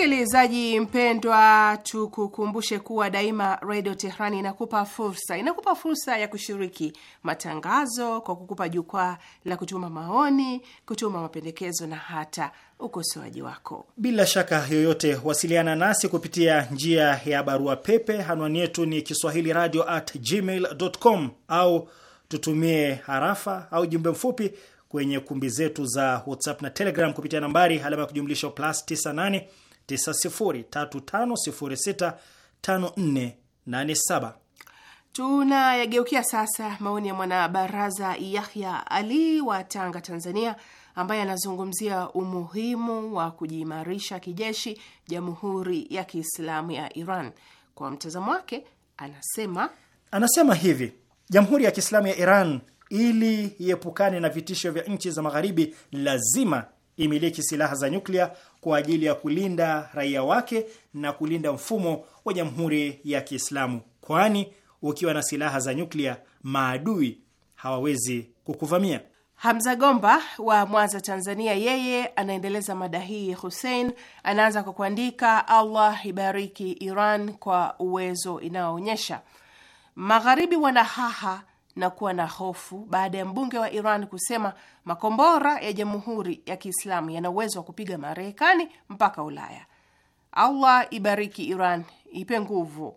Msikilizaji mpendwa, tukukumbushe kuwa daima Redio Tehrani inakupa fursa, inakupa fursa ya kushiriki matangazo kwa kukupa jukwaa la kutuma maoni, kutuma mapendekezo na hata ukosoaji wako. Bila shaka yoyote, wasiliana nasi kupitia njia ya barua pepe. Anwani yetu ni kiswahili radio at gmail com, au tutumie harafa au jumbe mfupi kwenye kumbi zetu za WhatsApp na Telegram kupitia nambari alama ya kujumlisha plus 98 9035065487. Tunayageukia sasa maoni ya mwanabaraza Yahya Ali wa Tanga, Tanzania, ambaye anazungumzia umuhimu wa kujiimarisha kijeshi Jamhuri ya Kiislamu ya Iran. Kwa mtazamo wake, anasema anasema hivi: Jamhuri ya Kiislamu ya Iran ili iepukane na vitisho vya nchi za Magharibi lazima imiliki silaha za nyuklia kwa ajili ya kulinda raia wake na kulinda mfumo wa Jamhuri ya Kiislamu, kwani ukiwa na silaha za nyuklia maadui hawawezi kukuvamia. Hamza Gomba wa Mwanza, Tanzania, yeye anaendeleza mada hii. Hussein anaanza kwa kuandika, Allah ibariki Iran kwa uwezo inayoonyesha. Magharibi wanahaha na kuwa na hofu baada ya mbunge wa Iran kusema makombora ya Jamhuri ya Kiislamu yana uwezo wa kupiga Marekani mpaka Ulaya. Allah ibariki Iran, ipe nguvu.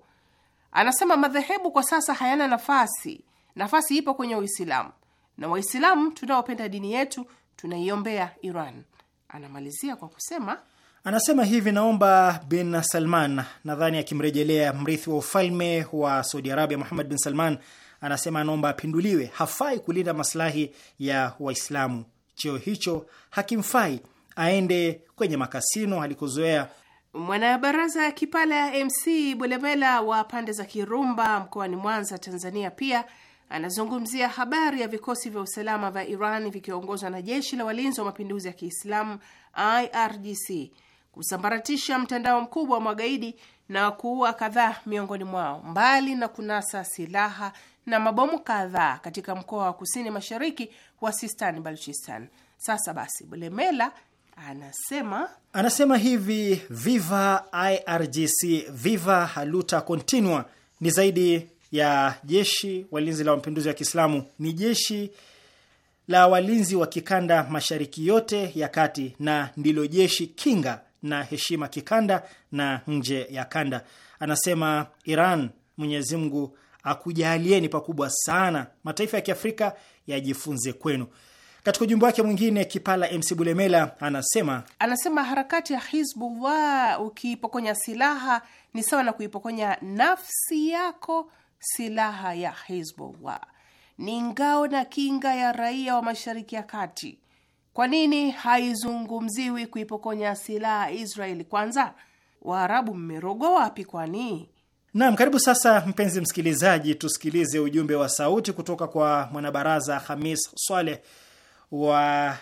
Anasema madhehebu kwa sasa hayana nafasi, nafasi ipo kwenye Uislamu na Waislamu tunaopenda dini yetu tunaiombea Iran. Anamalizia kwa kusema anasema hivi, naomba bin Salman, nadhani akimrejelea mrithi wa ufalme wa Saudi Arabia Muhammad bin Salman anasema anaomba apinduliwe, hafai kulinda maslahi ya Waislamu, cheo hicho hakimfai, aende kwenye makasino alikozoea. Mwanabaraza ya Kipala ya MC Bulemela wa pande za Kirumba mkoani Mwanza, Tanzania, pia anazungumzia habari ya vikosi vya usalama vya Iran vikiongozwa na jeshi la walinzi wa mapinduzi ya Kiislamu IRGC kusambaratisha mtandao mkubwa wa magaidi na kuua kadhaa miongoni mwao, mbali na kunasa silaha na mabomu kadhaa katika mkoa wa kusini mashariki wa Sistan Balochistan. Sasa basi, Bulemela anasema anasema hivi: viva IRGC, viva haluta continua. Ni zaidi ya jeshi walinzi la mapinduzi wa Kiislamu, ni jeshi la walinzi wa kikanda mashariki yote ya kati, na ndilo jeshi kinga na heshima kikanda na nje ya kanda. Anasema Iran, Mwenyezi Mungu akujalieni pakubwa sana. Mataifa ya Kiafrika yajifunze kwenu. Katika ujumbe wake mwingine Kipala MC Bulemela anasema anasema harakati ya Hizbullah ukiipokonya silaha ni sawa na kuipokonya nafsi yako. Silaha ya Hizbullah ni ngao na kinga ya raia wa Mashariki ya Kati. Kwa nini haizungumziwi kuipokonya silaha Israeli kwanza? Waarabu mmerogo wapi kwani? Naam, karibu sasa mpenzi msikilizaji, tusikilize ujumbe wa sauti kutoka kwa mwanabaraza Hamis Swaleh wa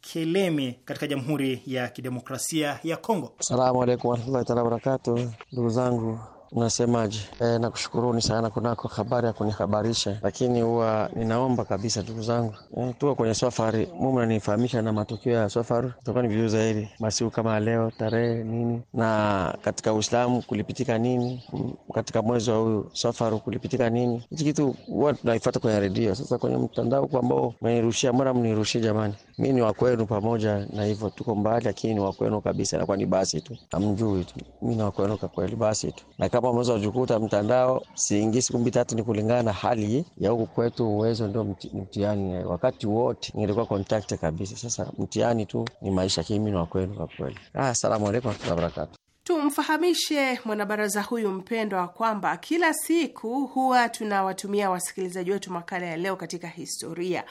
Kelemi katika Jamhuri ya Kidemokrasia ya Kongo. Asalamu alaikum warahmatullahi taala wabarakatu, ndugu zangu unasemaje? E, nakushukuruni sana kunako habari ya kunihabarisha, lakini huwa ninaomba kabisa ndugu zangu e, eh, tuko kwenye safari, mume mnanifahamisha na matokeo ya safari, tutakuwa ni vizuri zaidi. Masiku kama leo tarehe nini, na katika Uislamu kulipitika nini, katika mwezi wa huyu safari kulipitika nini, hichi kitu huwa tunaifuata kwenye redio. Sasa kwenye mtandao kwa ambao mnirushia, mara mnirushie jamani? Mi ni wakwenu pamoja na hivyo, tuko mbali, lakini ni wakwenu kabisa, nakuwa ni basi tu, amjui tu, mi ni wakwenu kwa kweli, basi tu na hapo ambazo wajikuta mtandao siingi siku mbili tatu, ni kulingana na hali ya huku kwetu. Uwezo ndio mti, mtihani wakati wote nilikuwa contact kabisa. Sasa mtihani tu ni maisha kimi na kwenu kwa kweli. Ah, asalamu alaikum wa wabarakatu. Tumfahamishe mwanabaraza huyu mpendwa kwamba kila siku huwa tunawatumia wasikilizaji wetu makala ya leo katika historia.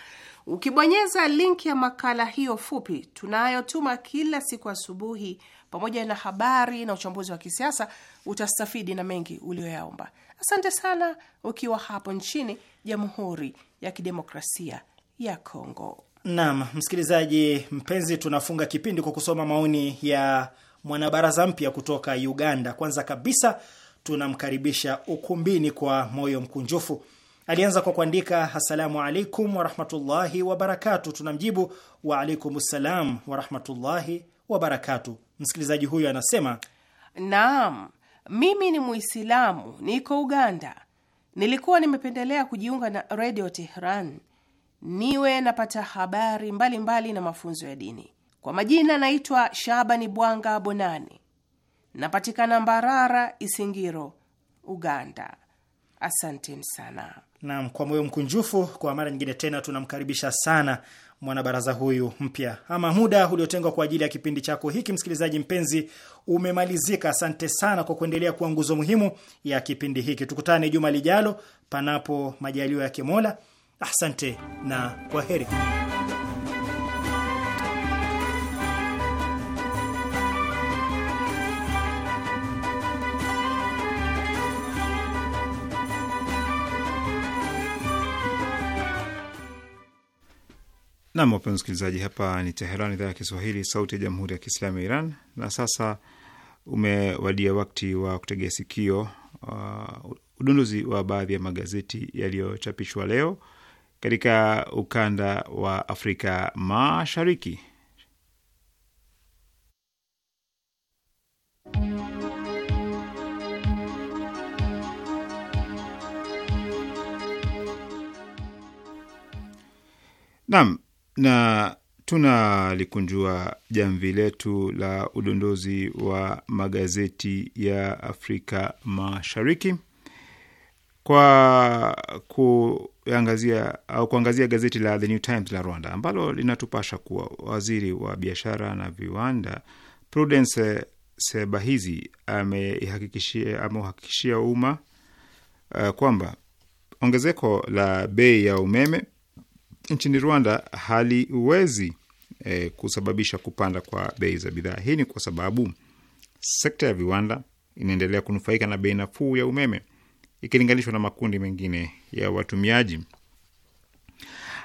Ukibonyeza linki ya makala hiyo fupi tunayotuma kila siku asubuhi pamoja na habari na uchambuzi wa kisiasa utastafidi na mengi ulioyaomba. Asante sana ukiwa hapo nchini Jamhuri ya Kidemokrasia ya Kongo. Naam, msikilizaji mpenzi, tunafunga kipindi kwa kusoma maoni ya mwanabaraza mpya kutoka Uganda. Kwanza kabisa tunamkaribisha ukumbini kwa moyo mkunjufu. Alianza kwa kuandika assalamu alaikum warahmatullahi wabarakatu. Tunamjibu waalaikum ssalam warahmatullahi wabarakatu. Msikilizaji huyu anasema, naam, mimi ni Muislamu, niko Uganda. Nilikuwa nimependelea kujiunga na redio Tehran niwe napata habari mbalimbali mbali na mafunzo ya dini. Kwa majina naitwa Shabani Bwanga Bonani, napatikana Mbarara, Isingiro, Uganda. Asanteni sana. Naam, kwa moyo mkunjufu, kwa mara nyingine tena tunamkaribisha sana mwanabaraza huyu mpya. Ama muda uliotengwa kwa ajili ya kipindi chako hiki, msikilizaji mpenzi, umemalizika. Asante sana kwa kuendelea kuwa nguzo muhimu ya kipindi hiki. Tukutane juma lijalo, panapo majalio ya Kimola. Asante na kwa heri. Nam, wapenzi msikilizaji, hapa ni Teheran, idhaa ya Kiswahili, sauti ya jamhuri ya kiislamu ya Iran. Na sasa umewadia wakati wa kutegea sikio uh, udunduzi wa baadhi ya magazeti yaliyochapishwa leo katika ukanda wa Afrika Mashariki. Nam, na tunalikunjua jamvi letu la udondozi wa magazeti ya Afrika Mashariki kwa kuangazia au kuangazia gazeti la The New Times la Rwanda ambalo linatupasha kuwa waziri wa biashara na viwanda Prudence Sebahizi ameuhakikishia umma uh, kwamba ongezeko la bei ya umeme nchini Rwanda haliwezi e, kusababisha kupanda kwa bei za bidhaa. Hii ni kwa sababu sekta ya viwanda inaendelea kunufaika na bei nafuu ya umeme ikilinganishwa na makundi mengine ya watumiaji.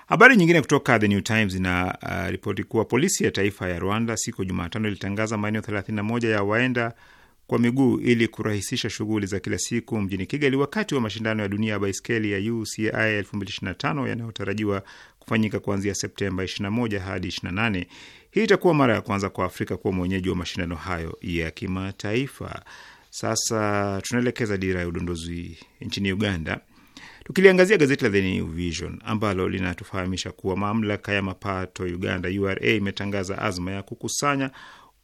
Habari nyingine kutoka The New Times ina uh, ripoti kuwa polisi ya taifa ya Rwanda siku ya Jumatano ilitangaza maeneo 31 ya waenda kwa miguu ili kurahisisha shughuli za kila siku mjini Kigali wakati wa mashindano ya dunia ya baiskeli ya UCI 2025 yanayotarajiwa kufanyika kuanzia Septemba 21 hadi 28. Hii itakuwa mara ya kwanza kwa Afrika kuwa mwenyeji wa mashindano hayo ya kimataifa. Sasa tunaelekeza dira ya udondozi nchini Uganda, tukiliangazia gazeti la The New Vision ambalo linatufahamisha kuwa mamlaka ya mapato Uganda, URA, imetangaza azma ya kukusanya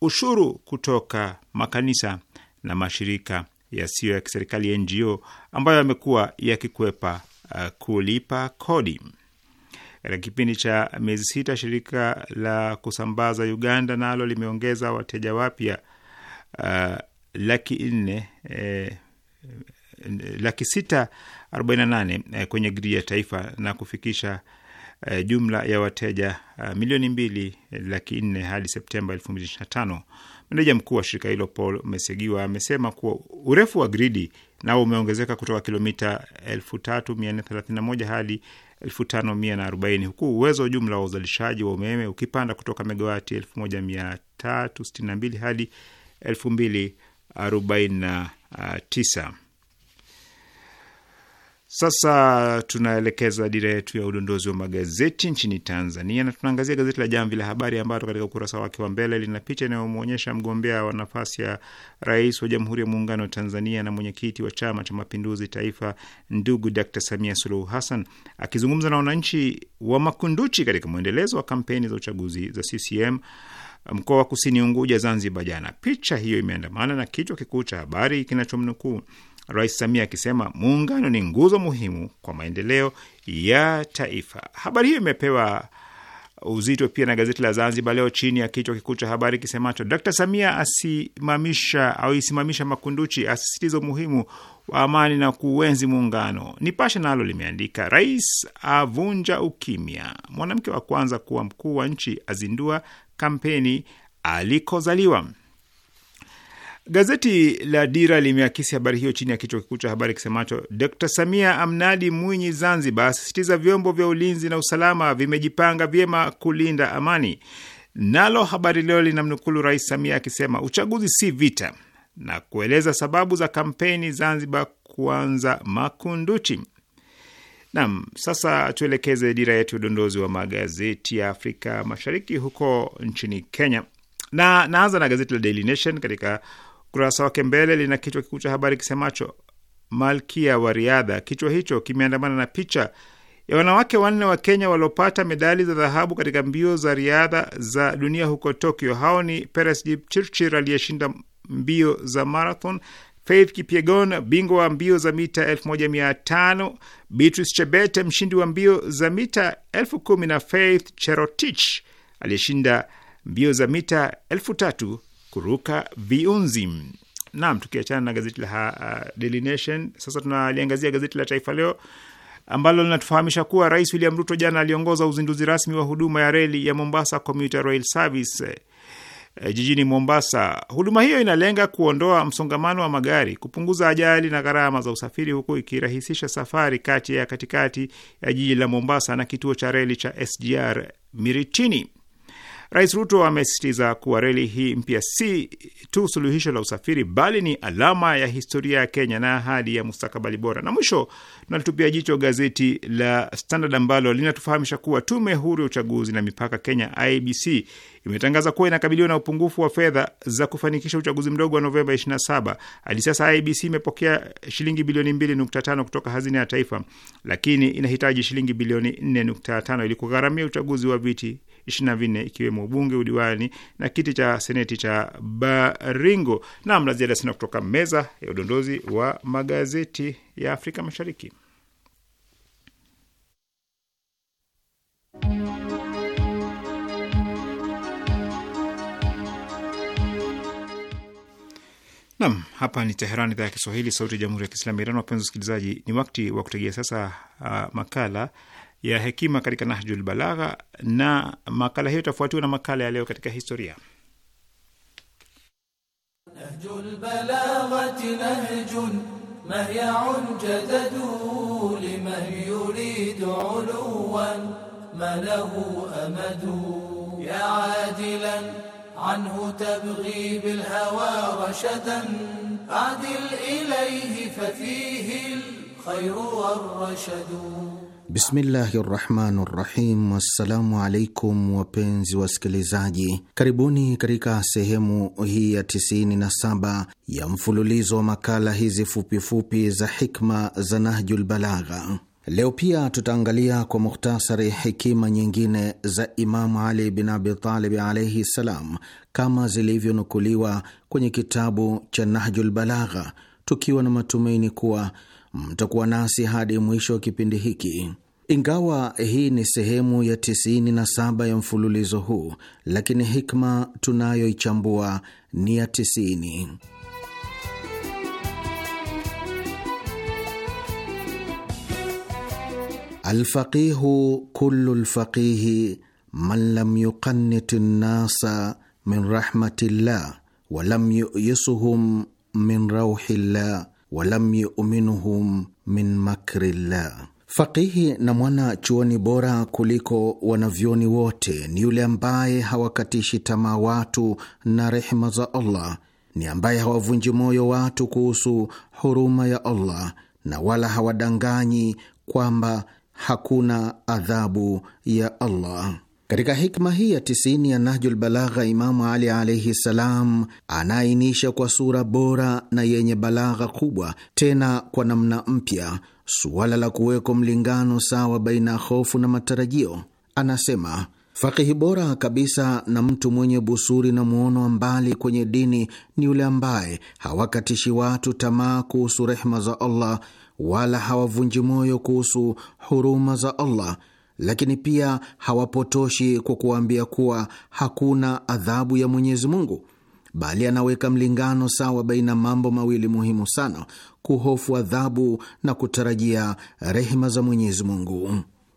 ushuru kutoka makanisa na mashirika yasiyo ya kiserikali ya NGO ambayo yamekuwa yakikwepa uh, kulipa kodi. Katika kipindi cha miezi sita, shirika la kusambaza Uganda nalo na limeongeza wateja wapya uh, laki nne eh, laki sita arobaini na nane eh, kwenye gridi ya taifa na kufikisha eh, jumla ya wateja uh, milioni mbili eh, laki nne hadi Septemba elfu mbili ishirini na tano. Meneja mkuu wa shirika hilo Paul Mesegiwa amesema kuwa urefu wa gridi nao umeongezeka kutoka kilomita 3431 hadi 5140 huku uwezo jumla wa uzalishaji wa umeme ukipanda kutoka megawati 1362 hadi 2049. Sasa tunaelekeza dira yetu ya udondozi wa magazeti nchini Tanzania, na tunaangazia gazeti la Jamvi la Habari ambalo katika ukurasa wake wa mbele lina picha inayomwonyesha mgombea wa nafasi ya rais wa Jamhuri ya Muungano wa Tanzania na mwenyekiti wa Chama cha Mapinduzi Taifa, ndugu Dr Samia Suluhu Hassan akizungumza na wananchi wa Makunduchi katika mwendelezo wa kampeni za uchaguzi za CCM mkoa wa Kusini Unguja, Zanzibar jana. Picha hiyo imeandamana na kichwa kikuu cha habari kinachomnukuu Rais Samia akisema muungano ni nguzo muhimu kwa maendeleo ya taifa. Habari hiyo imepewa uzito pia na gazeti la Zanzibar Leo chini ya kichwa kikuu cha habari kisemacho d Samia asimamisha au isimamisha Makunduchi, asisitiza umuhimu wa amani na kuenzi muungano. Nipashe nalo limeandika rais avunja ukimya, mwanamke wa kwanza kuwa mkuu wa nchi azindua kampeni alikozaliwa. Gazeti la Dira limeakisi habari hiyo chini ya kichwa kikuu cha habari kisemacho Dkt Samia amnadi Mwinyi Zanzibar, asisitiza vyombo vya ulinzi na usalama vimejipanga vyema kulinda amani. Nalo Habari Leo linamnukulu Rais Samia akisema uchaguzi si vita, na kueleza sababu za kampeni Zanzibar kuanza Makunduchi. Nam, sasa tuelekeze dira yetu ya udondozi wa magazeti ya Afrika Mashariki, huko nchini Kenya, na naanza na gazeti la Daily Nation katika Ukurasa wake mbele lina kichwa kikuu cha habari kisemacho malkia wa riadha. Kichwa hicho kimeandamana na picha ya wanawake wanne wa Kenya waliopata medali za dhahabu katika mbio za riadha za dunia huko Tokyo. Hao ni Peres Jepchirchir aliyeshinda mbio za marathon, Faith Kipyegon bingwa wa mbio za mita 15 Beatrice Chebet mshindi wa mbio za mita 1 na Faith Cherotich aliyeshinda mbio za mita 3000 kuruka viunzi. Naam, tukiachana na gazeti la uh, Daily Nation, sasa tunaliangazia gazeti la Taifa Leo ambalo linatufahamisha kuwa Rais William Ruto jana aliongoza uzinduzi rasmi wa huduma ya reli ya Mombasa Commuter Rail Service eh, jijini Mombasa. Huduma hiyo inalenga kuondoa msongamano wa magari, kupunguza ajali na gharama za usafiri, huku ikirahisisha safari kati ya katikati ya jiji la Mombasa na kituo cha reli cha SGR Miritini. Rais Ruto amesisitiza kuwa reli hii mpya si tu suluhisho la usafiri, bali ni alama ya historia ya Kenya na ahadi ya mustakabali bora. Na mwisho tunalitupia jicho gazeti la Standard ambalo linatufahamisha kuwa tume huru ya uchaguzi na mipaka Kenya IBC imetangaza kuwa inakabiliwa na upungufu wa fedha za kufanikisha uchaguzi mdogo wa Novemba 27. Hadi sasa IBC imepokea shilingi bilioni 2.5 kutoka hazina ya taifa, lakini inahitaji shilingi bilioni 4.5 ili kugharamia uchaguzi wa viti 24 ikiwemo ubunge, udiwani na kiti cha seneti cha Baringo. Naam, la ziada sina kutoka meza ya udondozi wa magazeti ya Afrika Mashariki. Nam, hapa ni Teheran, idhaa ya Kiswahili, sauti ya jamhuri ya kiislamu ya Iran. Wapenzi wasikilizaji, ni wakati wa kutegea sasa uh, makala ya hekima katika Nahjul Balagha, na makala hiyo itafuatiwa na makala ya leo katika historia. Nahjul Balaghati nahjun mahyaun jadadu liman yuridu uluwan ma lahu amadu ya adilan anhu tabghi bil hawa rashadan adil ilayhi fafihi al khayru war rashadu Bismillahi rahmani rahim. Wassalamu alaikum wapenzi wasikilizaji, karibuni katika sehemu hii ya 97 ya mfululizo wa makala hizi fupifupi za hikma za Nahjul Balagha. Leo pia tutaangalia kwa mukhtasari hekima nyingine za Imamu Ali bin Abitalib alaihi ssalam, kama zilivyonukuliwa kwenye kitabu cha Nahjul Balagha, tukiwa na matumaini kuwa mtakuwa nasi hadi mwisho wa kipindi hiki. Ingawa hii ni sehemu ya 97 ya mfululizo huu, lakini hikma tunayoichambua ni ya 90. Alfaqihu kullu lfaqihi man lam yuqannit nnasa min rahmatillah wa lam yuyisuhum min rauhillah walam yuminuhum min makri llah. Fakihi na mwana chuoni bora kuliko wanavyoni wote ni yule ambaye hawakatishi tamaa watu na rehema za Allah, ni ambaye hawavunji moyo watu kuhusu huruma ya Allah na wala hawadanganyi kwamba hakuna adhabu ya Allah. Katika hikma hii ya tisini ya Nahjul Balagha, Imamu Ali alaihi salam anaainisha kwa sura bora na yenye balagha kubwa, tena kwa namna mpya, suala la kuweko mlingano sawa baina ya hofu na matarajio. Anasema fakihi bora kabisa na mtu mwenye busuri na mwono wa mbali kwenye dini ni yule ambaye hawakatishi watu tamaa kuhusu rehma za Allah, wala hawavunji moyo kuhusu huruma za Allah lakini pia hawapotoshi kwa kuwaambia kuwa hakuna adhabu ya Mwenyezi Mungu, bali anaweka mlingano sawa baina mambo mawili muhimu sana: kuhofu adhabu na kutarajia rehema za Mwenyezi Mungu.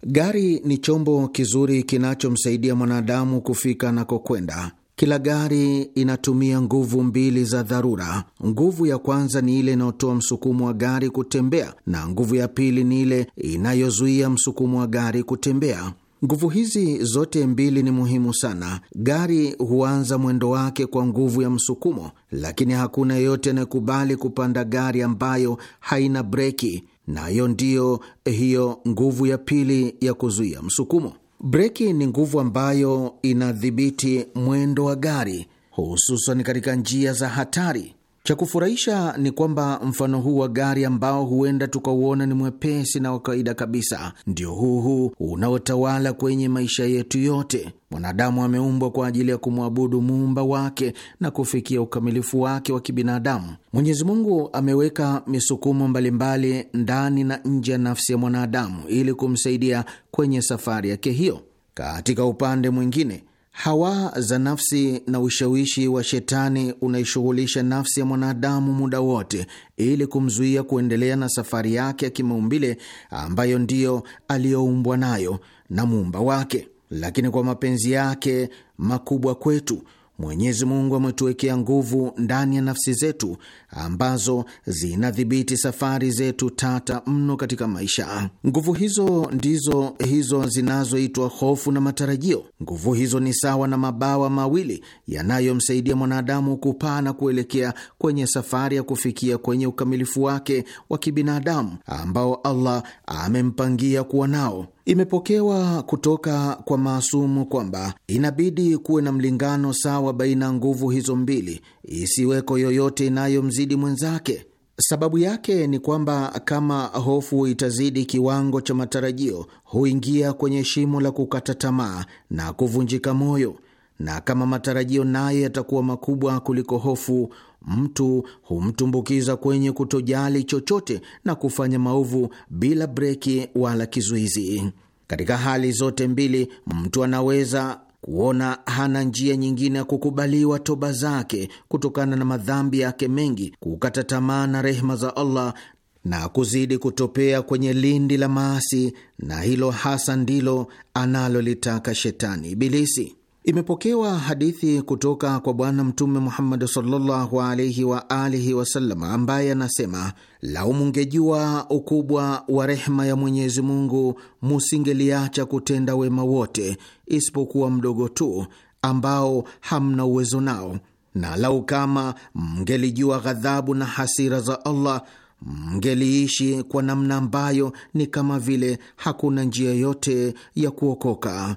Gari ni chombo kizuri kinachomsaidia mwanadamu kufika anakokwenda kila gari inatumia nguvu mbili za dharura. Nguvu ya kwanza ni ile inayotoa msukumo wa gari kutembea na nguvu ya pili ni ile inayozuia msukumo wa gari kutembea. Nguvu hizi zote mbili ni muhimu sana. Gari huanza mwendo wake kwa nguvu ya msukumo, lakini hakuna yeyote anayekubali kupanda gari ambayo haina breki, nayo ndiyo hiyo nguvu ya pili ya kuzuia msukumo. Breki ni nguvu ambayo inadhibiti mwendo wa gari, hususan katika njia za hatari. Cha kufurahisha ni kwamba mfano huu wa gari ambao huenda tukauona ni mwepesi na wa kawaida kabisa, ndio huu huu unaotawala kwenye maisha yetu yote. Mwanadamu ameumbwa kwa ajili ya kumwabudu muumba wake na kufikia ukamilifu wake wa kibinadamu. Mwenyezi Mungu ameweka misukumo mbalimbali ndani na nje ya nafsi ya mwanadamu ili kumsaidia kwenye safari yake hiyo. Katika upande mwingine Hawa za nafsi na ushawishi wa shetani unaishughulisha nafsi ya mwanadamu muda wote ili kumzuia kuendelea na safari yake ya kimaumbile ambayo ndiyo aliyoumbwa nayo na muumba wake. Lakini kwa mapenzi yake makubwa kwetu Mwenyezi Mungu ametuwekea nguvu ndani ya nafsi zetu ambazo zinadhibiti safari zetu tata mno katika maisha. Nguvu hizo ndizo hizo zinazoitwa hofu na matarajio. Nguvu hizo ni sawa na mabawa mawili yanayomsaidia mwanadamu kupaa na kuelekea kwenye safari ya kufikia kwenye ukamilifu wake wa kibinadamu ambao Allah amempangia kuwa nao. Imepokewa kutoka kwa Maasumu kwamba inabidi kuwe na mlingano sawa baina ya nguvu hizo mbili, isiweko yoyote inayomzidi mwenzake. Sababu yake ni kwamba kama hofu itazidi kiwango cha matarajio, huingia kwenye shimo la kukata tamaa na kuvunjika moyo, na kama matarajio naye yatakuwa makubwa kuliko hofu, mtu humtumbukiza kwenye kutojali chochote na kufanya maovu bila breki wala kizuizi. Katika hali zote mbili, mtu anaweza kuona hana njia nyingine ya kukubaliwa toba zake kutokana na madhambi yake mengi, kukata tamaa na rehema za Allah na kuzidi kutopea kwenye lindi la maasi, na hilo hasa ndilo analolitaka shetani Ibilisi. Imepokewa hadithi kutoka kwa Bwana Mtume Muhammad sallallahu alaihi wa alihi wasallam, ambaye anasema lau mungejua ukubwa wa rehma ya Mwenyezi Mungu musingeliacha kutenda wema wote isipokuwa mdogo tu ambao hamna uwezo nao, na lau kama mngelijua ghadhabu na hasira za Allah mngeliishi kwa namna ambayo ni kama vile hakuna njia yote ya kuokoka.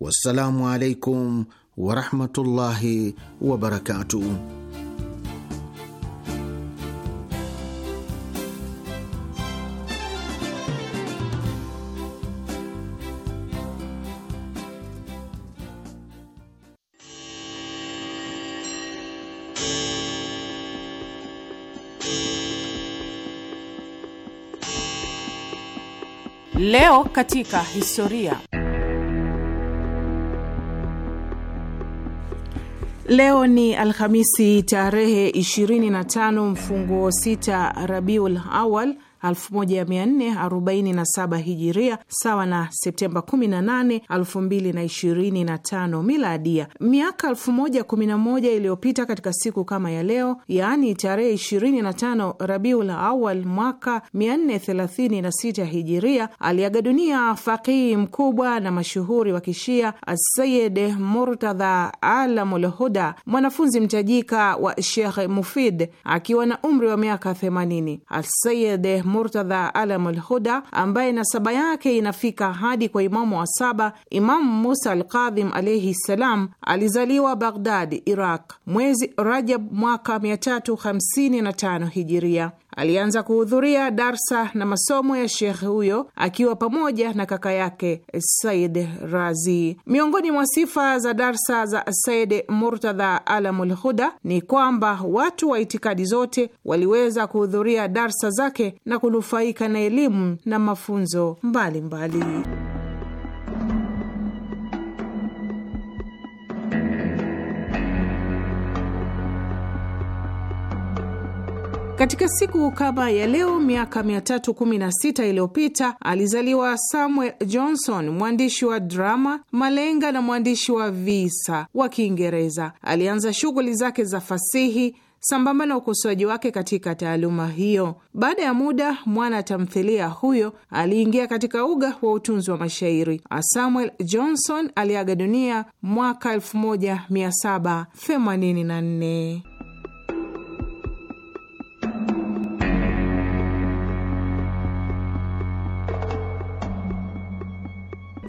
Wassalamu alaikum warahmatullahi wabarakatuh. Leo katika historia. Leo ni Alhamisi tarehe 25 mfungo 6 Rabiul Awal 1447 hijiria sawa na Septemba 18, 2025 miladia. Miaka 1011 iliyopita katika siku kama ya leo, yaani tarehe 25 Rabiul Awal mwaka 436 hijiria, aliaga dunia fakihi mkubwa na mashuhuri wa kishia Asayid Murtadha Alamul Huda, mwanafunzi mtajika wa Shekh Mufid akiwa na umri wa miaka 80. Asayid Murtadha alam Lhuda, ambaye nasaba yake inafika hadi kwa imamu wa saba. Imamu Musa Alkadhim alaihi ssalam alizaliwa Baghdad, Iraq, mwezi Rajab mwaka 355 hijiria alianza kuhudhuria darsa na masomo ya shekhe huyo akiwa pamoja na kaka yake Said Razi. Miongoni mwa sifa za darsa za Said Murtadha Alamul Huda ni kwamba watu wa itikadi zote waliweza kuhudhuria darsa zake na kunufaika na elimu na mafunzo mbalimbali mbali. Katika siku kama ya leo miaka 316 iliyopita alizaliwa Samuel Johnson, mwandishi wa drama, malenga na mwandishi wa visa wa Kiingereza. Alianza shughuli zake za fasihi sambamba na ukosoaji wake katika taaluma hiyo. Baada ya muda, mwana tamthilia huyo aliingia katika uga wa utunzi wa mashairi. Samuel Johnson aliaga dunia mwaka 1784.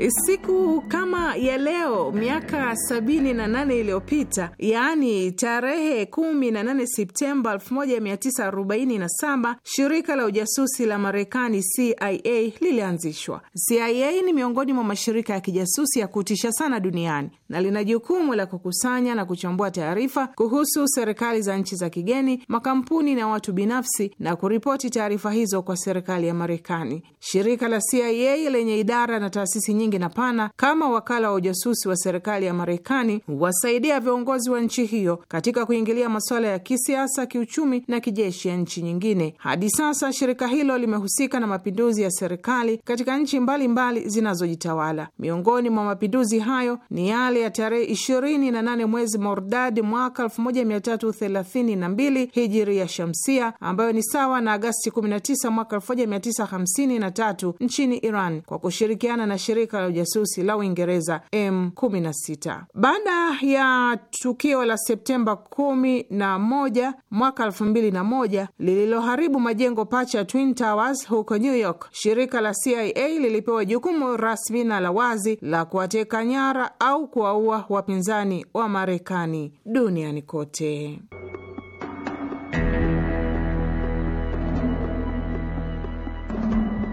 E, siku kama ya leo miaka 78 iliyopita, yaani tarehe 18 Septemba 1947, shirika la ujasusi la Marekani CIA lilianzishwa. CIA ni miongoni mwa mashirika ya kijasusi ya kutisha sana duniani na lina jukumu la kukusanya na kuchambua taarifa kuhusu serikali za nchi za kigeni, makampuni na watu binafsi na kuripoti taarifa hizo kwa serikali ya Marekani. Shirika la CIA lenye idara na taasisi nyingi nyingi na pana kama wakala wa ujasusi wa serikali ya Marekani wasaidia viongozi wa nchi hiyo katika kuingilia masuala ya kisiasa, kiuchumi na kijeshi ya nchi nyingine. Hadi sasa shirika hilo limehusika na mapinduzi ya serikali katika nchi mbalimbali zinazojitawala. Miongoni mwa mapinduzi hayo ni yale ya tarehe ishirini na nane mwezi Mordadi mwaka mbili hijiri ya shamsia ambayo ni sawa na Agasti tisa mwaka tatu nchini Iran kwa kushirikiana na shirika ya ujasusi la Uingereza M16. Baada ya tukio la Septemba 11 mwaka 2001 lililoharibu majengo pacha ya Twin Towers huko New York, shirika la CIA lilipewa jukumu rasmi na la wazi la kuwateka nyara au kuwaua wapinzani wa Marekani duniani kote.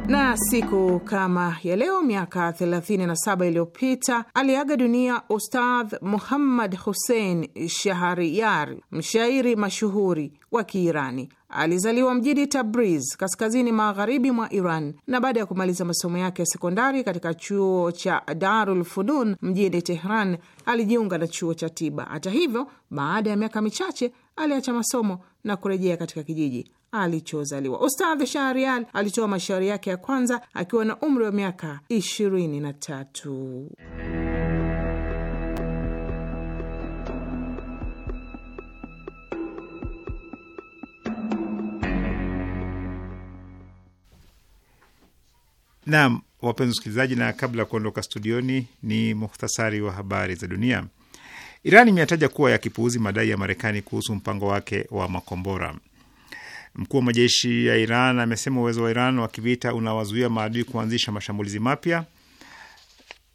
Na siku kama ya leo miaka 37 iliyopita aliaga dunia Ustadh Muhammad Hussein Shahriyar, mshairi mashuhuri wa Kiirani. Alizaliwa mjini Tabriz, kaskazini magharibi mwa Iran, na baada ya kumaliza masomo yake ya sekondari katika chuo cha Darul Funun mjini Tehran, alijiunga na chuo cha tiba. Hata hivyo, baada ya miaka michache aliacha masomo na kurejea katika kijiji alichozaliwa. Ustadhi Shahrial alitoa mashairi yake ya kwanza akiwa na umri wa miaka ishirini na tatu. Naam, wapenzi wasikilizaji, na kabla ya kuondoka studioni ni muhtasari wa habari za dunia. Iran imeyataja kuwa ya kipuuzi madai ya Marekani kuhusu mpango wake wa makombora. Mkuu wa majeshi ya Iran amesema uwezo wa Iran wa kivita unawazuia maadui kuanzisha mashambulizi mapya.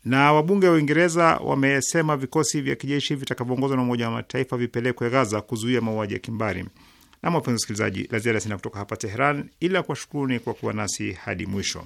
Na wabunge wa Uingereza wamesema vikosi vya kijeshi vitakavyoongozwa na Umoja wa Mataifa vipelekwe Gaza kuzuia mauaji ya kimbari. Na wapenzi wasikilizaji, la ziada sina kutoka hapa Teheran, ila kuwashukuruni kwa kuwa nasi hadi mwisho